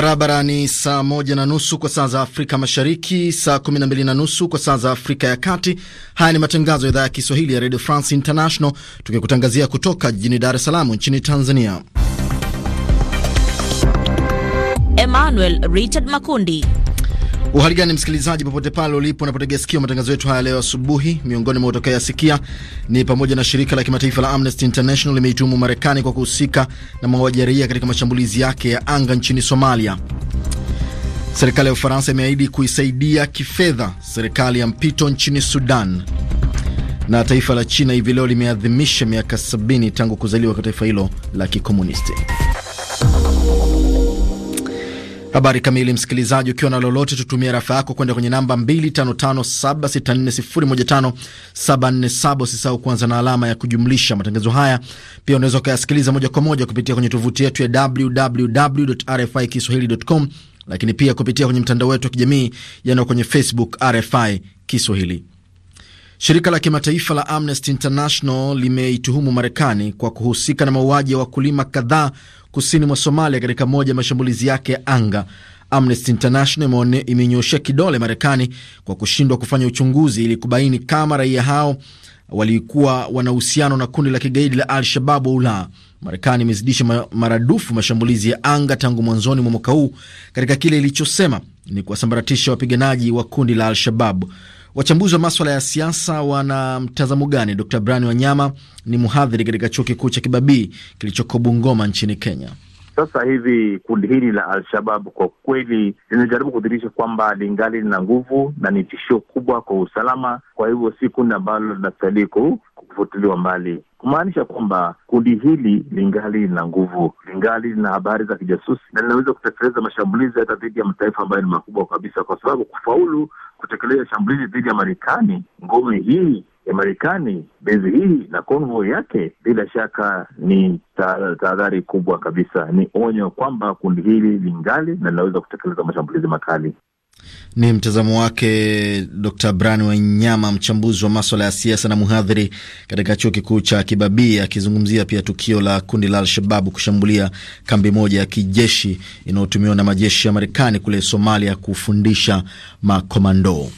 Barabara ni saa moja na nusu kwa saa za Afrika Mashariki, saa kumi na mbili na nusu kwa saa za Afrika ya Kati. Haya ni matangazo ya idhaa ya Kiswahili ya Radio France International, tukikutangazia kutoka jijini Dar es Salaam nchini Tanzania. Emmanuel Richard Makundi. Uhali gani msikilizaji, popote pale ulipo unapotegea sikio matangazo yetu haya leo asubuhi. Miongoni mwa utakayoyasikia ni pamoja na shirika la kimataifa la Amnesty International limeituhumu Marekani kwa kuhusika na mauaji ya raia katika mashambulizi yake ya anga nchini Somalia. Serikali ya Ufaransa imeahidi kuisaidia kifedha serikali ya mpito nchini Sudan, na taifa la China hivi leo limeadhimisha miaka 70 tangu kuzaliwa kwa taifa hilo la kikomunisti. Habari kamili, msikilizaji, ukiwa na lolote, tutumia rafa yako kwenda kwenye namba 255764015747. Usisahau kuanza na alama ya kujumlisha. Matangazo haya pia unaweza ukayasikiliza moja kwa moja kupitia kwenye tovuti yetu ya www.rfikiswahili.com, lakini pia kupitia kwenye mtandao wetu wa kijamii, yanao kwenye Facebook RFI Kiswahili. Shirika la kimataifa la Amnesty International limeituhumu Marekani kwa kuhusika na mauaji ya wakulima kadhaa kusini mwa Somalia katika moja ya mashambulizi yake ya anga. Amnesty International imenyoshea kidole Marekani kwa kushindwa kufanya uchunguzi ili kubaini kama raia hao walikuwa wana uhusiano na kundi la kigaidi la Al-Shababu au la. Marekani imezidisha maradufu mashambulizi ya anga tangu mwanzoni mwa mwaka huu katika kile ilichosema ni kuwasambaratisha wapiganaji wa kundi la Al-Shababu. Wachambuzi wa maswala ya siasa wana mtazamo gani? d Brian Wanyama ni mhadhiri katika chuo kikuu cha Kibabii kilichoko Bungoma nchini Kenya. Sasa hivi kundi hili la Al-Shabab kwa kweli linajaribu kudhihirisha kwamba lingali lina nguvu na ni tishio kubwa kwa usalama. Kwa hivyo si kundi ambalo linastahili kufutiliwa mbali, kumaanisha kwamba kundi hili lingali lina nguvu, lingali lina habari za kijasusi na linaweza kutekeleza mashambulizi hata dhidi ya mataifa ambayo ni makubwa kabisa, kwa sababu kufaulu kutekeleza shambulizi dhidi ya Marekani, ngome hii ya Marekani, bezi hii na konvo yake, bila shaka ni tahadhari kubwa kabisa, ni onyo kwamba kundi hili lingali na linaweza kutekeleza mashambulizi makali. Ni mtazamo wake Dr bran Wanyama, mchambuzi wa maswala ya siasa na mhadhiri katika chuo kikuu cha Kibabii, akizungumzia pia tukio la kundi la Alshababu kushambulia kambi moja ya kijeshi inayotumiwa na majeshi ya Marekani kule Somalia kufundisha makomando.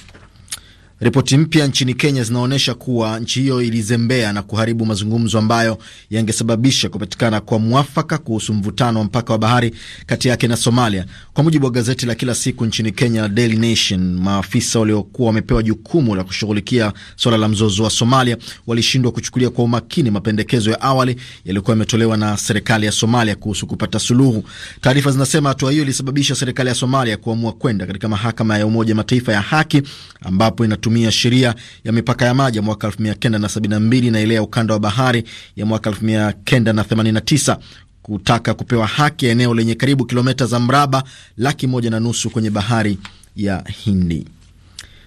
Ripoti mpya nchini Kenya zinaonyesha kuwa nchi hiyo ilizembea na kuharibu mazungumzo ambayo yangesababisha kupatikana kwa mwafaka kuhusu mvutano wa mpaka wa bahari kati yake na Somalia. Kwa mujibu wa gazeti la kila siku nchini Kenya la Daily Nation, maafisa waliokuwa wamepewa jukumu la kushughulikia suala la mzozo wa Somalia walishindwa kuchukulia kwa umakini mapendekezo ya awali yaliyokuwa yametolewa na serikali ya Somalia kuhusu kupata suluhu. Taarifa zinasema hatua hiyo ilisababisha serikali ya Somalia kuamua kwenda katika mahakama ya Umoja Mataifa ya haki ambapo inatumia kutumia sheria ya mipaka ya maji ya mwaka 1972 na ile ya ukanda wa bahari ya mwaka 1989 kutaka kupewa haki ya eneo lenye karibu kilomita za mraba laki moja na nusu kwenye bahari ya Hindi.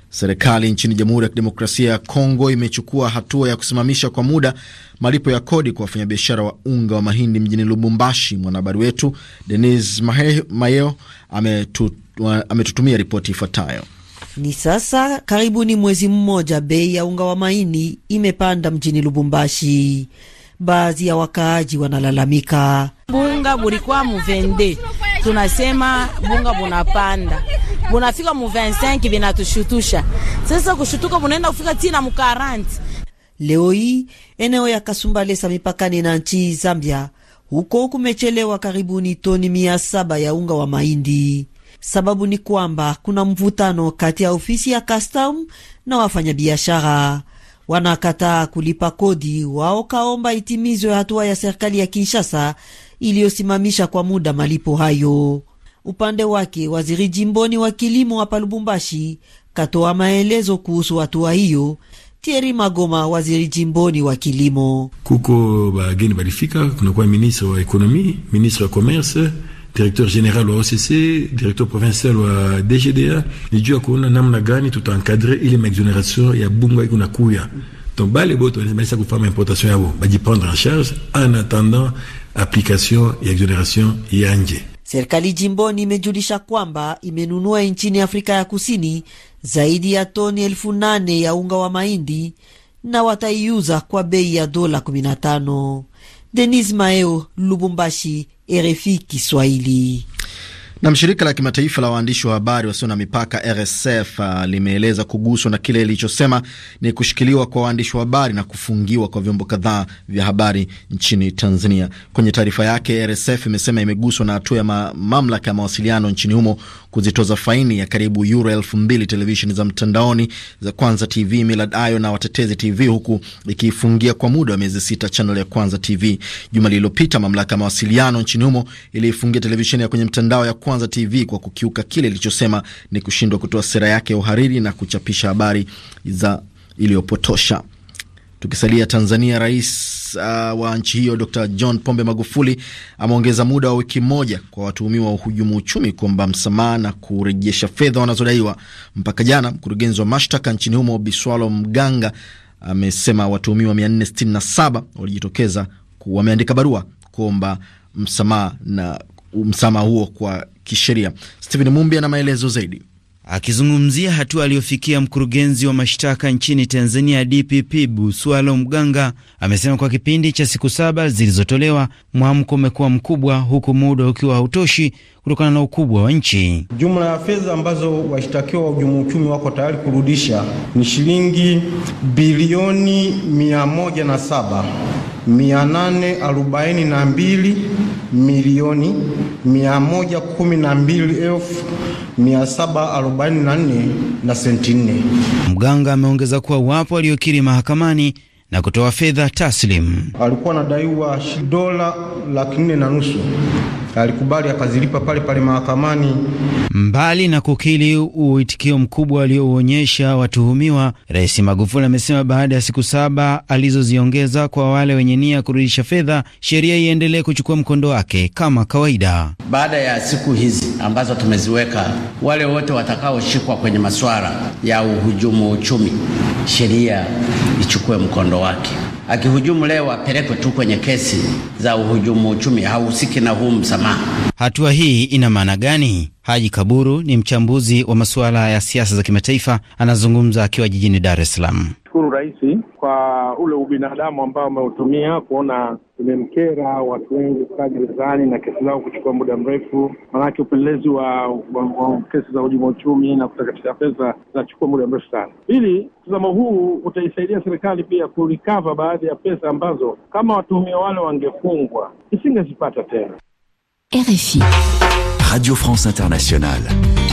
Serikali nchini Jamhuri ya Kidemokrasia ya Kongo imechukua hatua ya kusimamisha kwa muda malipo ya kodi kwa wafanyabiashara wa unga wa mahindi mjini Lubumbashi. Mwanahabari wetu Denis Mayo ametutumia ripoti ifuatayo. Ni sasa karibuni mwezi mmoja, bei ya unga wa maini imepanda mjini Lubumbashi. Baadhi ya wakaaji wanalalamika, bunga bulikuwa muvende, tunasema bunga bunapanda bunafika mu 25 vinatushutusha sasa, kushutuka bunaenda kufika tina mu Leo hii eneo ya Kasumbalesa mipakani na nchi Zambia, huko kumechelewa karibuni toni mia saba ya unga wa mahindi. Sababu ni kwamba kuna mvutano kati ya ofisi ya kastam na wafanyabiashara wanakataa kulipa kodi wao, kaomba itimizwe hatua ya serikali ya Kinshasa iliyosimamisha kwa muda malipo hayo. Upande wake waziri jimboni wa kilimo hapa Lubumbashi katoa maelezo kuhusu hatua hiyo. Thierry Magoma, waziri jimboni wa kilimo: kuko bageni balifika, kunakuwa ministre wa ekonomi, ministre wa commerce directeur général wa OCC, directeur provincial wa DGDA, ni juu ya kuona namna gani tutaenkadre ile maexoneration ya bunga iko nakuya. Donc bale bote wanaanza kufanya importation yabo bajiprendre en charge en attendant application ya exoneration ya nje. Serikali jimboni imejulisha kwamba imenunua nchini Afrika ya Kusini zaidi ya toni elfu nane ya unga wa mahindi na wataiuza kwa bei ya dola 15. Denis Maeo, Lubumbashi, RFI Kiswahili. Na shirika la kimataifa la waandishi wa habari wasio na mipaka RSF uh, limeeleza kuguswa na kile ilichosema ni kushikiliwa kwa waandishi wa habari na kufungiwa kwa vyombo kadhaa vya habari nchini Tanzania. Kwenye taarifa yake, RSF imesema imeguswa na hatua ya mamlaka ya mawasiliano nchini humo kuzitoza faini ya karibu euro elfu mbili televisheni za mtandaoni za Kwanza TV, Millard Ayo na Watetezi TV, huku ikiifungia kwa muda wa miezi sita chanel ya Kwanza TV. Juma lililopita, mamlaka ya mawasiliano nchini humo iliifungia televisheni ya kwenye mtandao ya Kwanza TV kwa kukiuka kile ilichosema ni kushindwa kutoa sera yake ya uhariri na kuchapisha habari za iliyopotosha. Tukisalia Tanzania, rais uh, wa nchi hiyo Dr John Pombe Magufuli ameongeza muda wa wiki moja kwa watuhumiwa wa uhujumu uchumi kuomba msamaha na kurejesha fedha wanazodaiwa. Mpaka jana, mkurugenzi wa mashtaka nchini humo Biswalo Mganga amesema watuhumiwa 467 walijitokeza, wameandika barua kuomba msamaha na msamaha huo kwa kisheria. Stephen Mumbi ana maelezo zaidi. Akizungumzia hatua aliyofikia mkurugenzi wa mashtaka nchini Tanzania DPP Buswalo Mganga amesema kwa kipindi cha siku saba zilizotolewa mwamko umekuwa mkubwa, huku muda ukiwa hautoshi kutokana na ukubwa wa nchi. Jumla ya fedha ambazo washtakiwa wa uhujumu uchumi wako tayari kurudisha ni shilingi bilioni mia moja na saba 842 milioni 112,744 na senti 4. Mganga ameongeza kuwa wapo waliokiri mahakamani na kutoa fedha taslim. Alikuwa anadaiwa dola laki nne na nusu alikubali akazilipa pale pale mahakamani. Mbali na kukili uitikio mkubwa aliouonyesha watuhumiwa, Rais Magufuli amesema baada ya siku saba alizoziongeza kwa wale wenye nia ya kurudisha fedha, sheria iendelee kuchukua mkondo wake kama kawaida. Baada ya siku hizi ambazo tumeziweka, wale wote watakaoshikwa kwenye masuala ya uhujumu uchumi, sheria ichukue mkondo wake akihujumu leo apelekwe tu kwenye kesi za uhujumu uchumi, hahusiki na huu msamaha. Hatua hii ina maana gani? Haji Kaburu ni mchambuzi wa masuala ya siasa za kimataifa, anazungumza akiwa jijini Dar es Salaam. Shukuru Rais kwa ule ubinadamu ambao ameutumia kuona imemkera watu wengi kukaa gerezani na kesi zao kuchukua muda mrefu. Maanake upelelezi wa, wa, wa kesi za hujuma uchumi na kutakatisha pesa zinachukua muda mrefu sana. Pili, mtazamo huu utaisaidia serikali pia kurikava baadhi ya pesa ambazo kama watuhumiwa wale wangefungwa isingezipata tena. RFI Radio France Internationale.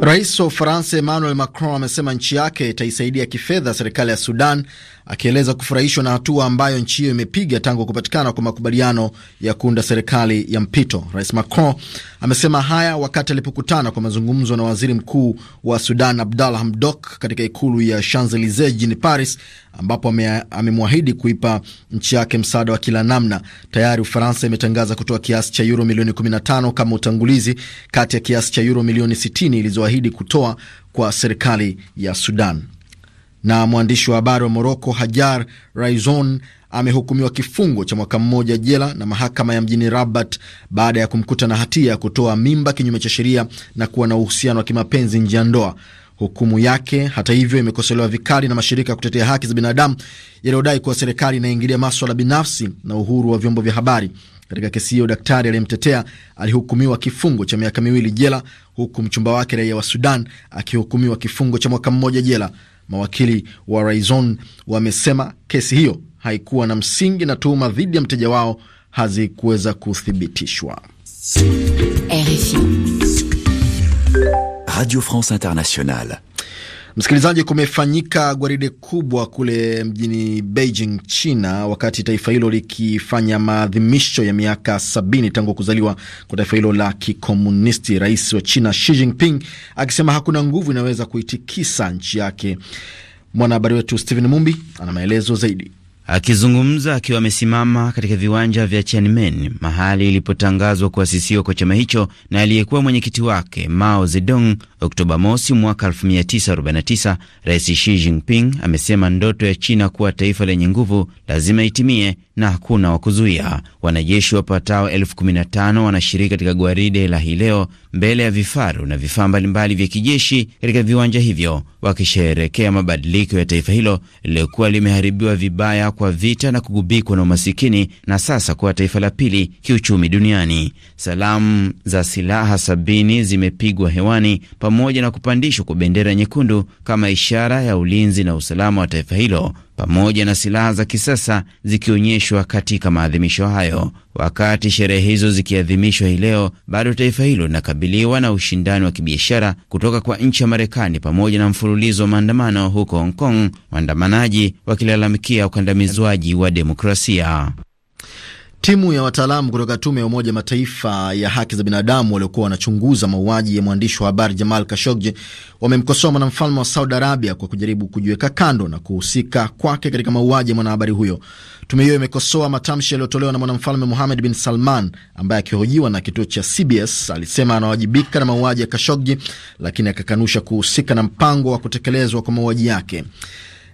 Rais wa Ufaransa Emmanuel Macron amesema nchi yake itaisaidia kifedha serikali ya Sudan akieleza kufurahishwa na hatua ambayo nchi hiyo imepiga tangu kupatikana kwa makubaliano ya kuunda serikali ya mpito. Rais Macron amesema haya wakati alipokutana kwa mazungumzo na waziri mkuu wa Sudan Abdalla Hamdok katika ikulu ya Champs-Elysees jijini Paris, ambapo amemwahidi kuipa nchi yake msaada wa kila namna. Tayari Ufaransa imetangaza kutoa kiasi cha yuro milioni 15 kama utangulizi kati ya kiasi cha yuro milioni 60 ilizoahidi kutoa kwa serikali ya Sudan na mwandishi wa habari wa Moroko Hajar Raizon amehukumiwa kifungo cha mwaka mmoja jela na mahakama ya mjini Rabat baada ya kumkuta na hatia ya kutoa mimba kinyume cha sheria na kuwa na uhusiano wa kimapenzi nje ya ndoa. Hukumu yake hata hivyo imekosolewa vikali na mashirika ya kutetea haki za binadamu yaliyodai kuwa serikali inaingilia maswala binafsi na uhuru wa vyombo vya habari. Katika kesi hiyo, daktari aliyemtetea alihukumiwa kifungo cha miaka miwili jela, huku mchumba wake raia wa Sudan akihukumiwa kifungo cha mwaka mmoja jela. Mawakili wa raizon wamesema kesi hiyo haikuwa na msingi na tuhuma dhidi ya mteja wao hazikuweza kuthibitishwa. Radio France Internationale Msikilizaji, kumefanyika gwaride kubwa kule mjini Beijing, China, wakati taifa hilo likifanya maadhimisho ya miaka sabini tangu kuzaliwa kwa taifa hilo la kikomunisti, rais wa China Xi Jinping akisema hakuna nguvu inaweza kuitikisa nchi yake. Mwanahabari wetu Stephen Mumbi ana maelezo zaidi. Akizungumza akiwa amesimama katika viwanja vya Tiananmen, mahali ilipotangazwa kuasisiwa kwa chama hicho na aliyekuwa mwenyekiti wake Mao Zedong Oktoba mosi mwaka 1949, Rais Xi Jinping amesema ndoto ya China kuwa taifa lenye nguvu lazima itimie na hakuna wa kuzuia. Wanajeshi wapatao elfu kumi na tano wanashiriki katika gwaride la hii leo mbele ya vifaru na vifaa mbalimbali vya kijeshi katika viwanja hivyo wakisherehekea mabadiliko ya taifa hilo lililokuwa limeharibiwa vibaya kwa vita na kugubikwa na umasikini na sasa kuwa taifa la pili kiuchumi duniani. Salamu za silaha sabini zimepigwa hewani pamoja na kupandishwa kwa bendera nyekundu kama ishara ya ulinzi na usalama wa taifa hilo pamoja na silaha za kisasa zikionyeshwa katika maadhimisho hayo. Wakati sherehe hizo zikiadhimishwa hii leo, bado taifa hilo linakabiliwa na ushindani wa kibiashara kutoka kwa nchi ya Marekani pamoja na mfululizo wa maandamano huko Hong Kong, waandamanaji wakilalamikia ukandamizwaji wa demokrasia. Timu ya wataalamu kutoka tume ya Umoja Mataifa ya haki za binadamu waliokuwa wanachunguza mauaji ya mwandishi wa habari Jamal kashogji wamemkosoa mwanamfalme wa Saudi Arabia kwa kujaribu kujiweka kando na kuhusika kwake katika mauaji ya mwanahabari huyo. Tume hiyo imekosoa matamshi yaliyotolewa na mwanamfalme muhamed bin Salman ambaye akihojiwa na kituo cha CBS alisema anawajibika na mauaji ya kashogji lakini akakanusha kuhusika na mpango wa kutekelezwa kwa mauaji yake.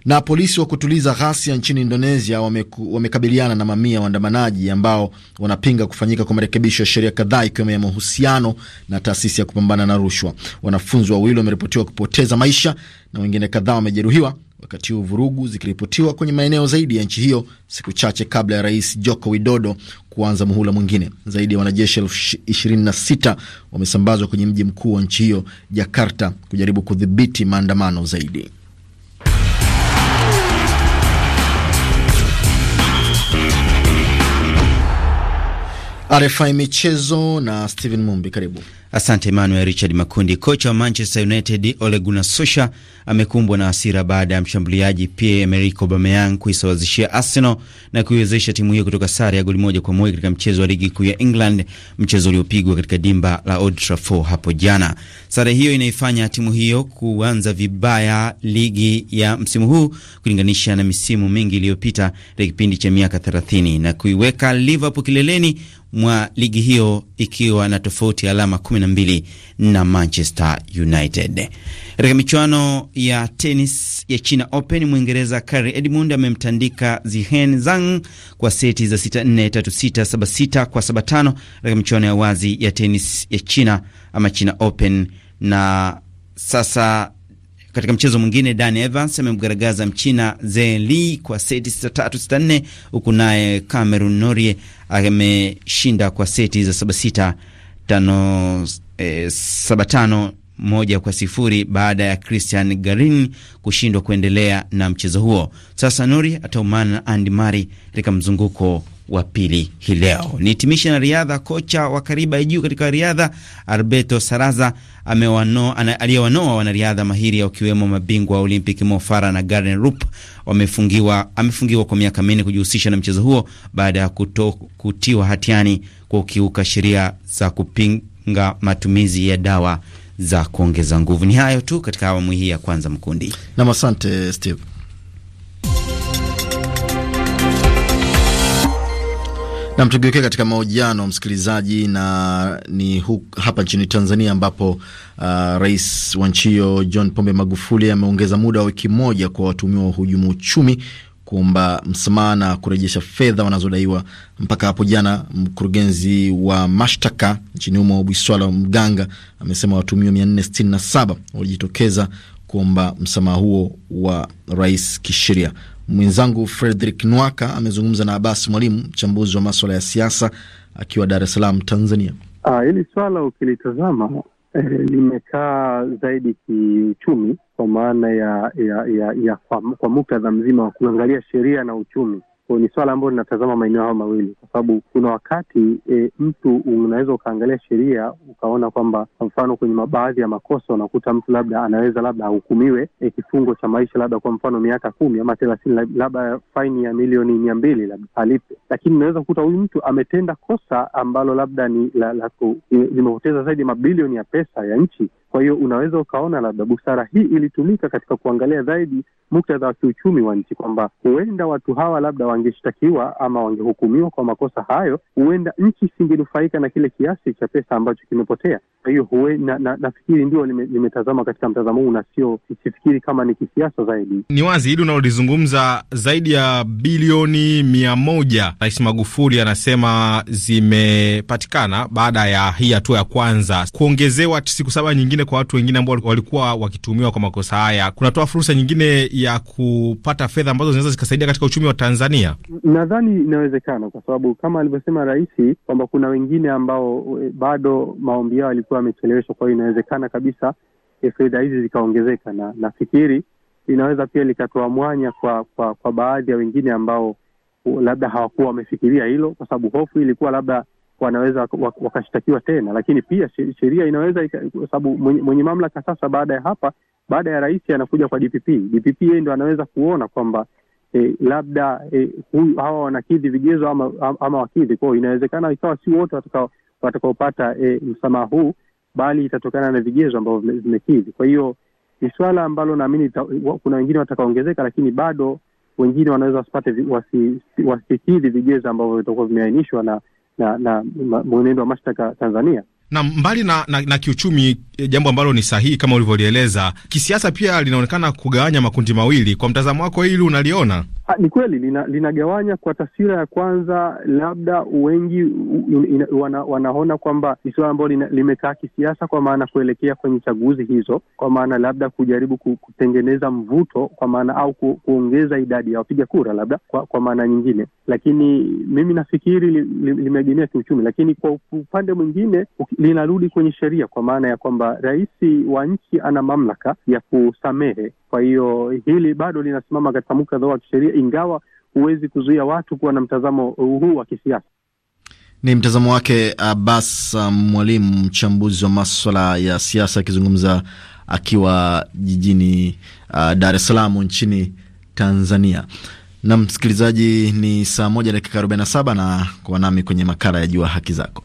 Na polisi wa kutuliza ghasia nchini Indonesia wamekabiliana wamekabiliana na mamia waandamanaji ambao wanapinga kufanyika kwa marekebisho ya sheria kadhaa ikiwemo ya mahusiano na taasisi ya kupambana na rushwa. Wanafunzi wawili wameripotiwa kupoteza maisha na wengine kadhaa wamejeruhiwa, wakati huu vurugu zikiripotiwa kwenye maeneo zaidi ya nchi hiyo siku chache kabla ya Rais Joko Widodo kuanza muhula mwingine. Zaidi ya wanajeshi elfu ishirini na sita wamesambazwa kwenye mji mkuu wa nchi hiyo Jakarta, kujaribu kudhibiti maandamano zaidi. RFI Michezo na Steven Mumbi, karibu. Asante Emmanuel Richard Makundi. Kocha wa Manchester United Ole Gunnar Solskjaer amekumbwa na hasira baada ya mshambuliaji Pierre-Emerick Aubameyang kuisawazishia Arsenal na kuiwezesha timu hiyo kutoka sare ya goli moja kwa moja katika mchezo wa ligi kuu ya England, mchezo uliopigwa katika dimba la Old Trafford hapo jana. Sare hiyo inaifanya timu hiyo kuanza vibaya ligi ya msimu huu kulinganisha na misimu mingi iliyopita katika kipindi cha miaka 30 na kuiweka Liverpool kileleni mwa ligi hiyo ikiwa na tofauti ya alama 12 na Manchester United. Katika michuano ya tenis ya China Open, Mwingereza kari Edmund amemtandika Zihen Zhang kwa seti za 6-4, 3-6, 7-6 kwa 7-5 katika michuano ya wazi ya tenis ya China ama China Open na sasa katika mchezo mwingine, Dan Evans amemgaragaza Mchina Zeli kwa seti 6-3 6-4, huku naye Cameron Norie ameshinda kwa seti za 7-6 5 7-5 moja kwa sifuri baada ya Christian Garin kushindwa kuendelea na mchezo huo. Sasa Nori ataumana na Andy Murray katika mzunguko wa pili hii leo. Nihitimishe na riadha. Kocha wa kariba ya juu katika riadha Alberto Saraza aliyewanoa wanariadha mahiri wakiwemo mabingwa wa Olympic Mo Farah na Garden Rupp wamefungiwa, amefungiwa kwa miaka minne kujihusisha na mchezo huo baada ya kutiwa hatiani kwa ukiuka sheria za kupinga matumizi ya dawa za kuongeza nguvu. Ni hayo tu katika awamu hii ya kwanza, Mkundi nam, asante Steve. Nam, tugeukia katika mahojiano msikilizaji, na ni hu, hapa nchini Tanzania ambapo uh, rais wa nchi hiyo John Pombe Magufuli ameongeza muda wa wiki moja kwa watumiwa wa uhujumu uchumi kuomba msamaha na kurejesha fedha wanazodaiwa. Mpaka hapo jana, mkurugenzi wa mashtaka nchini humo Biswala Mganga amesema watumiwa 467 walijitokeza kuomba msamaha huo wa rais kisheria. Mwenzangu Fredrick Nwaka amezungumza na abas Mwalimu, mchambuzi wa maswala ya siasa, akiwa Dar es Salaam, Tanzania. Ah, hili swala ukilitazama eh, limekaa zaidi kiuchumi, kwa maana ya ya, ya, ya kwa, kwa muktadha mzima wa kuangalia sheria na uchumi kwa ni swala ambayo linatazama maeneo hayo mawili, kwa sababu kuna wakati e, mtu unaweza ukaangalia sheria ukaona kwamba kwa mfano kwenye baadhi ya makosa unakuta mtu labda anaweza labda ahukumiwe e, kifungo cha maisha labda kwa mfano miaka kumi ama thelathini, labda faini ya milioni mia mbili labda alipe, lakini unaweza kukuta huyu mtu ametenda kosa ambalo labda ni limepoteza zaidi ya mabilioni ya pesa ya nchi kwa hiyo unaweza ukaona labda busara hii ilitumika katika kuangalia zaidi muktadha wa kiuchumi wa nchi, kwamba huenda watu hawa labda wangeshtakiwa ama wangehukumiwa kwa makosa hayo, huenda nchi isingenufaika na kile kiasi cha pesa ambacho kimepotea. Kwa hiyo huwe, na, na, ndio nimetazama nime katika mtazamo huu na sio, sifikiri kama ni kisiasa zaidi. Ni wazi hili unalolizungumza, zaidi ya bilioni mia moja Rais Magufuli anasema zimepatikana baada ya hii hatua ya kwanza, kuongezewa siku saba nyingine kwa watu wengine ambao walikuwa wakitumiwa kwa makosa haya kunatoa fursa nyingine ya kupata fedha ambazo zinaweza zikasaidia katika uchumi wa Tanzania. Nadhani inawezekana kwa sababu kama alivyosema rais kwamba kuna wengine ambao eh, bado maombi yao yalikuwa ilikuwa amecheleweshwa. Kwa hiyo inawezekana kabisa fedha hizi zikaongezeka, na nafikiri inaweza pia likatoa mwanya kwa, kwa, kwa baadhi ya wengine ambao labda hawakuwa wamefikiria hilo, kwa sababu hofu ilikuwa labda wanaweza wakashtakiwa tena, lakini pia sheria inaweza, kwa sababu mwenye, mwenye mamlaka sasa baada ya hapa, baada ya rais anakuja kwa DPP. DPP yeye ndo anaweza kuona kwamba eh, labda eh, hawa wanakidhi vigezo ama, ama wakidhi kwao. Inawezekana ikawa si wote watakao watakaopata e, msamaha huu, bali itatokana na vigezo ambavyo vimekidhi. Kwa hiyo ni suala ambalo naamini kuna wengine watakaongezeka, lakini bado wengine wanaweza wasipate wasikidhi vigezo ambavyo vitakuwa vimeainishwa na na, na mwenendo wa mashtaka Tanzania na mbali na, na, na kiuchumi, eh, jambo ambalo ni sahihi kama ulivyolieleza, kisiasa pia linaonekana kugawanya makundi mawili. Kwa mtazamo wako, hili unaliona ha? Ni kweli lina, linagawanya kwa taswira ya kwanza, labda wengi in, in, wana, wanaona kwamba ni suala ambalo limekaa kisiasa, kwa maana kuelekea kwenye chaguzi hizo, kwa maana labda kujaribu kutengeneza mvuto, kwa maana au ku, kuongeza idadi ya wapiga kura, labda kwa, kwa maana nyingine, lakini mimi nafikiri limeegemea kiuchumi, lakini kwa upande mwingine linarudi kwenye sheria kwa maana ya kwamba rais wa nchi ana mamlaka ya kusamehe. Kwa hiyo hili bado linasimama katika muktadha wa kisheria, ingawa huwezi kuzuia watu kuwa na mtazamo huu wa kisiasa. Ni mtazamo wake Abbas Mwalimu, mchambuzi wa maswala ya siasa, akizungumza akiwa jijini uh, Dar es Salaam nchini Tanzania. Na msikilizaji, ni saa moja dakika 47 na na kuwa nami kwenye makala ya Jua Haki Zako.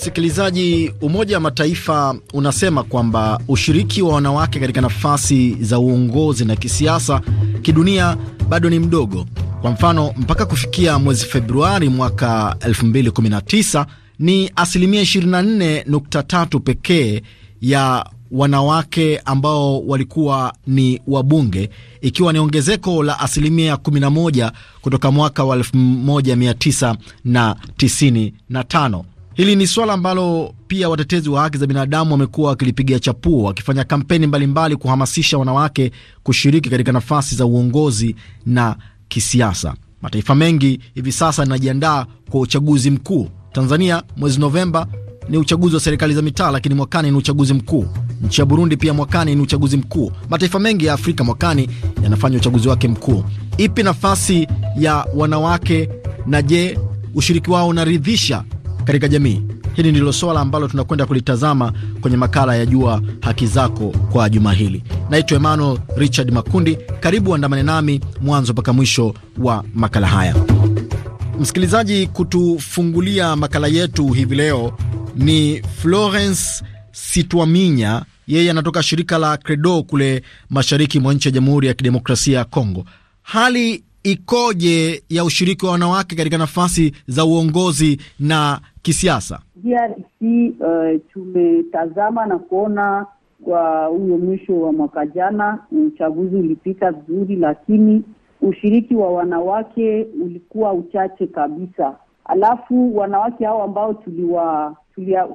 Msikilizaji, Umoja wa Mataifa unasema kwamba ushiriki wa wanawake katika nafasi za uongozi na kisiasa kidunia bado ni mdogo. Kwa mfano, mpaka kufikia mwezi Februari mwaka 2019 ni asilimia 24.3 pekee ya wanawake ambao walikuwa ni wabunge, ikiwa ni ongezeko la asilimia 11 kutoka mwaka wa 1995. Hili ni swala ambalo pia watetezi wa haki za binadamu wamekuwa wakilipigia chapuo, wakifanya kampeni mbalimbali kuhamasisha wanawake kushiriki katika nafasi za uongozi na kisiasa. Mataifa mengi hivi sasa yanajiandaa kwa uchaguzi mkuu. Tanzania mwezi Novemba ni uchaguzi wa serikali za mitaa, lakini mwakani ni uchaguzi mkuu. Nchi ya Burundi pia mwakani ni uchaguzi mkuu. Mataifa mengi ya Afrika mwakani yanafanya uchaguzi wake mkuu. Ipi nafasi ya wanawake na je, ushiriki wao unaridhisha katika jamii. Hili ndilo swala ambalo tunakwenda kulitazama kwenye makala ya Jua Haki Zako kwa juma hili. Naitwa Emmanuel Richard Makundi, karibu andamane nami mwanzo mpaka mwisho wa makala haya. Msikilizaji, kutufungulia makala yetu hivi leo ni Florence Sitwaminya. Yeye anatoka shirika la Credo kule mashariki mwa nchi ya Jamhuri ya Kidemokrasia ya Kongo. Hali ikoje ya ushiriki wa wanawake katika nafasi za uongozi na kisiasa? DRC uh, eh, tumetazama na kuona kwa huyo mwisho wa mwaka jana uchaguzi ulipita vizuri, lakini ushiriki wa wanawake ulikuwa uchache kabisa. Alafu wanawake hao ambao tuliwa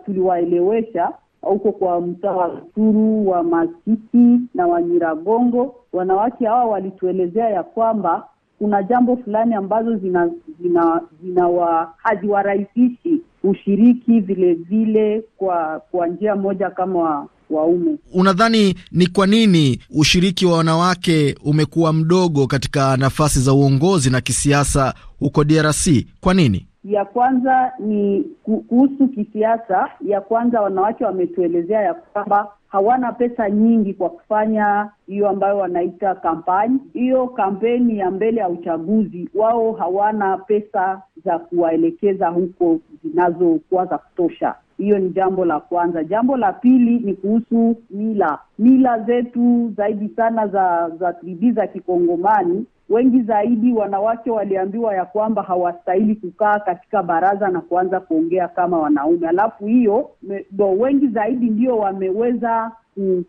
tuliwaelewesha huko kwa mtaa wa Suru wa Masisi na wa Nyiragongo, wanawake hawa walituelezea ya kwamba kuna jambo fulani ambazo zina, zina, zina wa, haziwarahisishi ushiriki vile vile kwa kwa njia moja kama waume. Unadhani ni kwa nini ushiriki wa wanawake umekuwa mdogo katika nafasi za uongozi na kisiasa huko DRC? Kwa nini? Ya kwanza ni kuhusu kisiasa. Ya kwanza wanawake wametuelezea ya kwamba hawana pesa nyingi kwa kufanya hiyo ambayo wanaita kampani. Hiyo kampeni ya mbele ya uchaguzi, wao hawana pesa za kuwaelekeza huko zinazokuwa za kutosha. Hiyo ni jambo la kwanza. Jambo la pili ni kuhusu mila. Mila zetu zaidi sana za za tribi za Kikongomani Wengi zaidi wanawake waliambiwa ya kwamba hawastahili kukaa katika baraza na kuanza kuongea kama wanaume, alafu hiyo ndo wengi zaidi ndio wameweza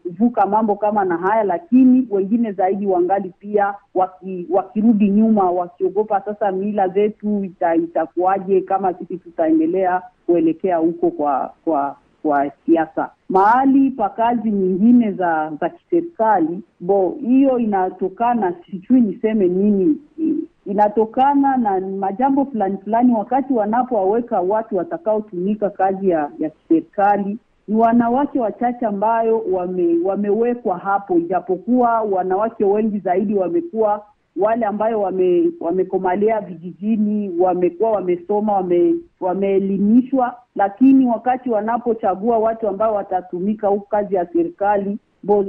kuvuka mambo kama na haya, lakini wengine zaidi wangali pia waki, wakirudi nyuma wakiogopa, sasa mila zetu itakuwaje kama sisi tutaendelea kuelekea huko kwa kwa kwa siasa mahali pa kazi nyingine za za kiserikali. Bo hiyo inatokana, sijui niseme nini, inatokana na majambo fulani fulani, wakati wanapowaweka watu watakaotumika kazi ya ya kiserikali ni wanawake wachache ambayo wame, wamewekwa hapo, ijapokuwa wanawake wengi zaidi wamekuwa wale ambayo wame, wamekomalea vijijini, wamekuwa wamesoma, wame, wameelimishwa lakini wakati wanapochagua watu ambao watatumika huku kazi ya serikali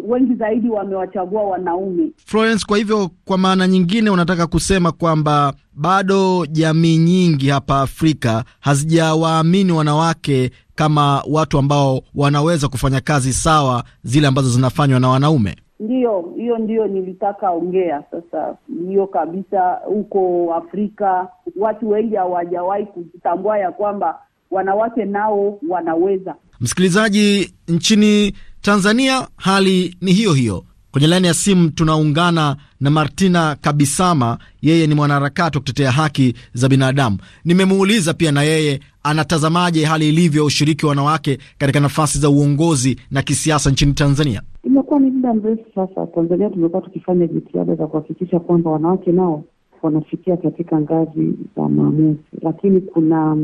wengi zaidi wamewachagua wanaume. Florence, kwa hivyo kwa maana nyingine unataka kusema kwamba bado jamii nyingi hapa Afrika hazijawaamini wanawake kama watu ambao wanaweza kufanya kazi sawa zile ambazo zinafanywa na wanaume? Ndiyo, hiyo ndiyo nilitaka ongea sasa. Hiyo kabisa, huko Afrika watu wengi hawajawahi kujitambua ya kwamba wanawake nao wanaweza. Msikilizaji, nchini Tanzania hali ni hiyo hiyo. Kwenye laini ya simu tunaungana na Martina Kabisama, yeye ni mwanaharakati wa kutetea haki za binadamu. Nimemuuliza pia na yeye anatazamaje hali ilivyo ushiriki wa wanawake katika nafasi za uongozi na kisiasa nchini Tanzania. Imekuwa ni muda mrefu sasa, Tanzania tumekuwa tukifanya jitihada za kuhakikisha kwamba wanawake nao wanafikia katika ngazi za maamuzi, lakini kuna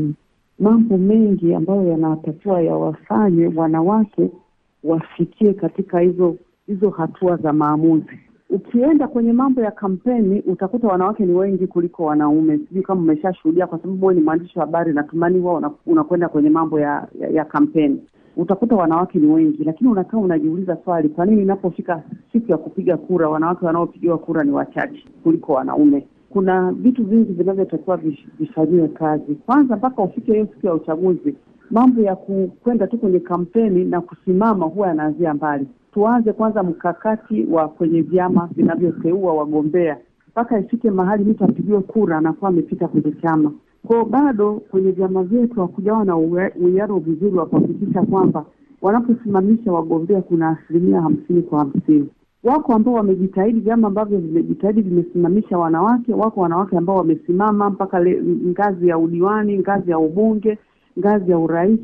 mambo mengi ambayo yanatakiwa yawafanye wanawake wafikie katika hizo hizo hatua za maamuzi. Ukienda kwenye mambo ya kampeni utakuta wanawake ni wengi kuliko wanaume. Sijui kama umeshashuhudia, kwa sababu wewe ni mwandishi wa habari, natumani huwa unakwenda kwenye mambo ya, ya, ya kampeni utakuta wanawake ni wengi, lakini unakaa unajiuliza swali, kwa nini inapofika siku ya kupiga kura wanawake wanaopigiwa kura ni wachache kuliko wanaume? kuna vitu vingi vinavyotakiwa vifanyiwe kazi kwanza, mpaka ufike hiyo siku ya uchaguzi. Mambo ya kwenda tu kwenye kampeni na kusimama huwa yanaanzia mbali. Tuanze kwanza mkakati wa kwenye vyama vinavyoteua wagombea mpaka ifike mahali mtu apigiwe kura anakuwa amepita kwenye chama kwao. Bado kwenye vyama vyetu hakujawa na uwiano vizuri wa kuhakikisha kwamba wanaposimamisha wagombea kuna asilimia hamsini kwa hamsini. Wako ambao wamejitahidi, vyama ambavyo vimejitahidi vimesimamisha wanawake. Wako wanawake ambao wamesimama mpaka le, ngazi ya udiwani, ngazi ya ubunge, ngazi ya urais,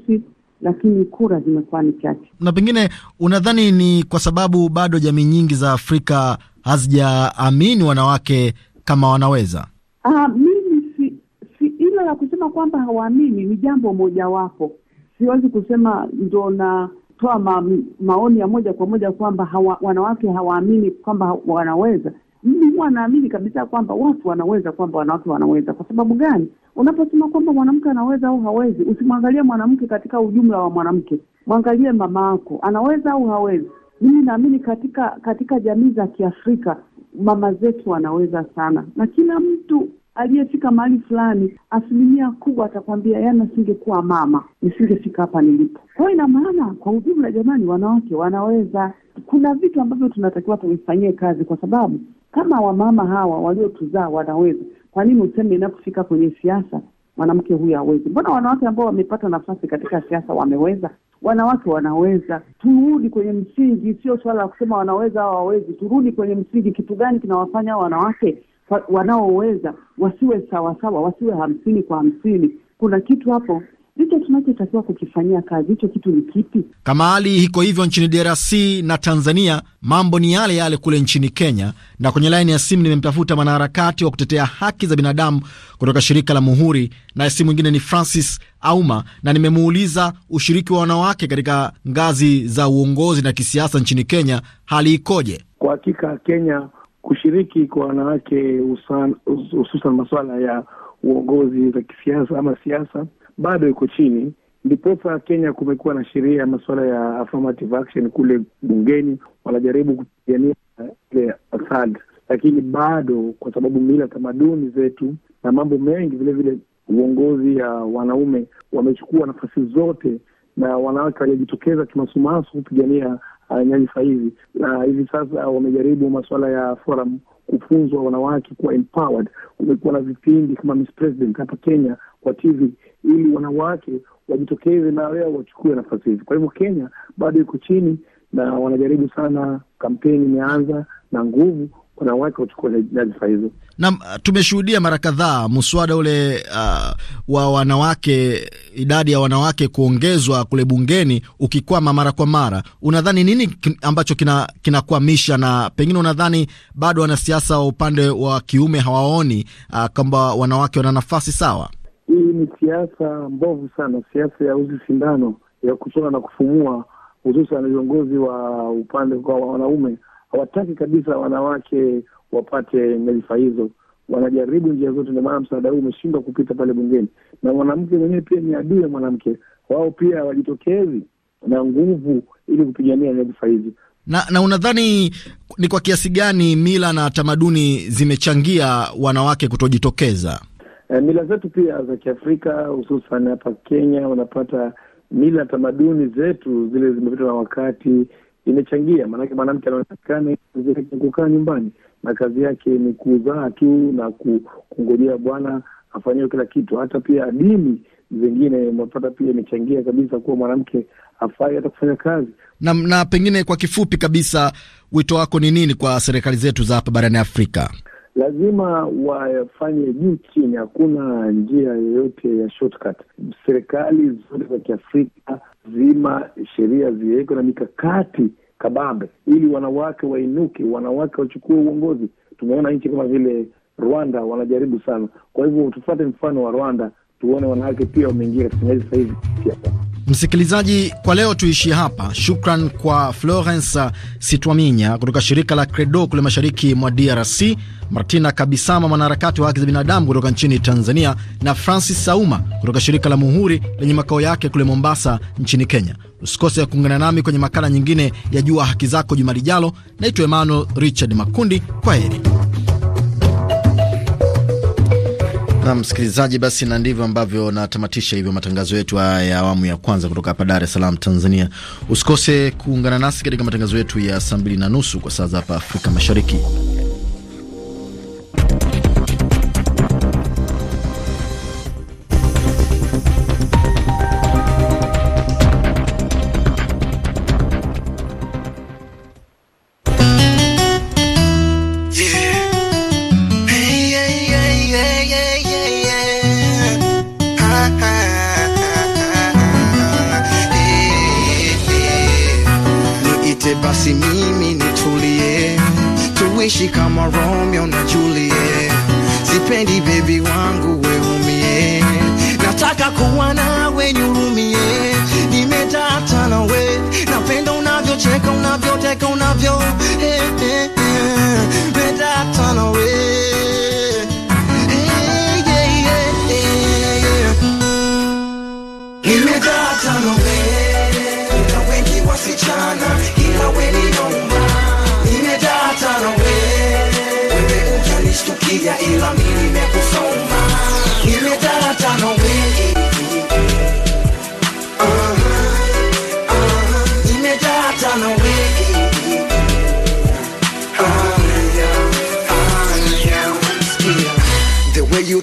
lakini kura zimekuwa ni chache. Na pengine unadhani ni kwa sababu bado jamii nyingi za Afrika hazijaamini wanawake kama wanaweza? Aa, ah, mimi si, si ilo la kusema kwamba hawaamini ni jambo mojawapo, siwezi kusema ndo na kutoa ma, maoni ya moja kwa moja kwamba hawa, wanawake hawaamini kwamba wanaweza. Mimi huwa naamini kabisa kwamba watu wanaweza, kwamba wanawake wanaweza. Kwa sababu gani? Unaposema kwamba mwanamke anaweza au hawezi, usimwangalie mwanamke katika ujumla wa mwanamke, mwangalie mama yako anaweza au hawezi. Mimi naamini katika katika jamii za Kiafrika mama zetu wanaweza sana, na kila mtu aliyefika mahali fulani, asilimia kubwa atakwambia yana, asingekuwa mama nisingefika hapa nilipo. Kwa hiyo ina maana kwa ujumla, jamani, wanawake wanaweza. Kuna vitu ambavyo tunatakiwa tuvifanyie kazi, kwa sababu kama wamama hawa waliotuzaa wanaweza, kwa nini useme inapofika kwenye siasa mwanamke huyu hawezi? Mbona wanawake ambao wamepata nafasi katika siasa wameweza? Wanawake wanaweza. Turudi kwenye msingi, sio swala la kusema wanaweza au hawawezi. Turudi kwenye msingi, kitu gani kinawafanya wanawake wanaoweza wasiwe sawasawa, wasiwe hamsini kwa hamsini. Kuna kitu hapo ndicho tunachotakiwa kukifanyia kazi. Hicho kitu ni kipi? Kama hali iko hivyo nchini DRC na Tanzania, mambo ni yale yale kule nchini Kenya. Na kwenye laini ya simu nimemtafuta mwanaharakati wa kutetea haki za binadamu kutoka shirika la Muhuri, na simu ingine ni Francis Auma, na nimemuuliza ushiriki wa wanawake katika ngazi za uongozi na kisiasa nchini Kenya, hali ikoje? Kwa hakika Kenya kushiriki kwa wanawake hususan masuala ya uongozi za kisiasa ama siasa bado iko chini. Ndiposa Kenya kumekuwa na sheria ya masuala ya affirmative action kule bungeni, wanajaribu kupigania ile asad lakini bado kwa sababu mila tamaduni zetu na mambo mengi vilevile, uongozi ya wanaume wamechukua nafasi zote na wanawake waliojitokeza kimasumasu kupigania nyanyifa hizi, na hivi sasa wamejaribu masuala ya forum kufunzwa wanawake kuwa empowered. Kumekuwa na vipindi kama Miss President hapa Kenya kwa TV ili wanawake wajitokeze na leo wachukue nafasi hizi. Kwa hivyo Kenya bado iko chini na wanajaribu sana, kampeni imeanza na nguvu wanawake wachukua nyadhifa hizo. Naam, uh, tumeshuhudia mara kadhaa mswada ule uh, wa wanawake, idadi ya wanawake kuongezwa kule bungeni ukikwama mara kwa mara. Unadhani nini ambacho kinakwamisha kina, na pengine unadhani bado wanasiasa wa upande wa kiume hawaoni uh, kwamba wanawake wana nafasi sawa? Hii ni siasa mbovu sana, siasa ya uzi sindano ya kuchora na kufumua, hususan viongozi wa upande kwa wanaume hawataki kabisa wanawake wapate nyadhifa hizo, wanajaribu njia zote. Ndio maana msaada huu umeshindwa kupita pale bungeni, na mwanamke mwenyewe pia ni adui ya mwanamke, wao pia hawajitokezi na nguvu ili kupigania nyadhifa hizi. Na, na unadhani ni kwa kiasi gani mila na tamaduni zimechangia wanawake kutojitokeza? E, mila zetu pia za Kiafrika hususan hapa Kenya unapata mila tamaduni zetu zile zimepitwa na wakati imechangia, maanake mwanamke anaonekana kazi yake ni kukaa nyumbani na kazi yake ni kuzaa tu na kungojea bwana afanyiwe kila kitu. Hata pia dini zingine mapata pia imechangia kabisa kuwa mwanamke afai hata kufanya kazi. Na, na pengine kwa kifupi kabisa, wito wako ni nini kwa serikali zetu za hapa barani Afrika? lazima wafanye juu chini, hakuna njia yoyote ya shortcut. Serikali zote za Kiafrika zima sheria ziwekwe na mikakati kabambe, ili wanawake wainuke, wanawake wachukue uongozi. Tumeona nchi kama vile Rwanda wanajaribu sana, kwa hivyo tufate mfano wa Rwanda, tuone wanawake pia wameingia katika ngazi sahizi Msikilizaji, kwa leo tuishie hapa. Shukran kwa Florence Sitwaminya kutoka shirika la Credo kule mashariki mwa DRC Martina Kabisama, mwanaharakati wa haki za binadamu kutoka nchini Tanzania, na Francis Sauma kutoka shirika la Muhuri lenye makao yake kule Mombasa nchini Kenya. Usikose ya kuungana nami kwenye makala nyingine ya Jua Haki Zako juma lijalo. Naitwa Emmanuel Richard Makundi, kwa heri. Na msikilizaji, basi na ndivyo ambavyo natamatisha hivyo matangazo yetu haya ya awamu ya kwanza kutoka hapa Dar es Salaam, Tanzania. Usikose kuungana nasi katika matangazo yetu ya saa mbili na nusu kwa saa za hapa Afrika Mashariki. Tumejaa tano mbele, kuna wengi wasichana, ila we ni noma. Nimejaa tano mbele, wewe utanishtukia ila mimi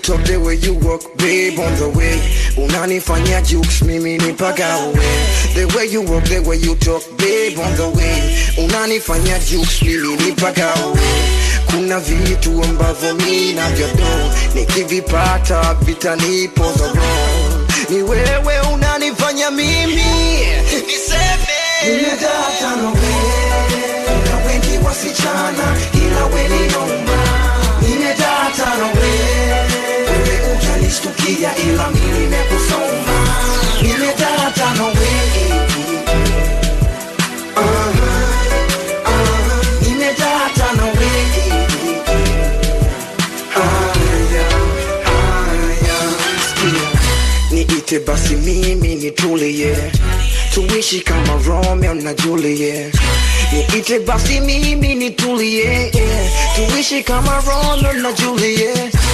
Talk we you walk, babe, on the way Unanifanya jukes, mimi ni pagawe The way you walk, the way you talk, babe, on the way Unanifanya jukes, mimi ni pagawe kuna vitu ambavyo mi navyodo nikivipata vitanipodhoro ni wewe unanifanya mimi niseme nimedatanowe kuna wengi wasichana ila wenio mimi nimekusoma, nimejaa tano basi mimi nitulie, tuishi kama Romeo na Juliet. Niite basi mimi nitulie, tuishi kama Romeo na Juliet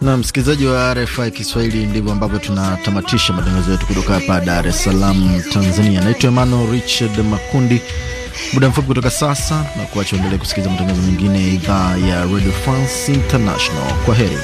na msikilizaji wa RFI Kiswahili, ndivyo ambavyo tunatamatisha matangazo yetu kutoka hapa Dar es Salaam, Tanzania. Naitwa Emmanuel Richard Makundi. Muda mfupi kutoka sasa na kuacha uendelee kusikiliza matangazo mengine ya idhaa ya Radio France International. Kwa heri.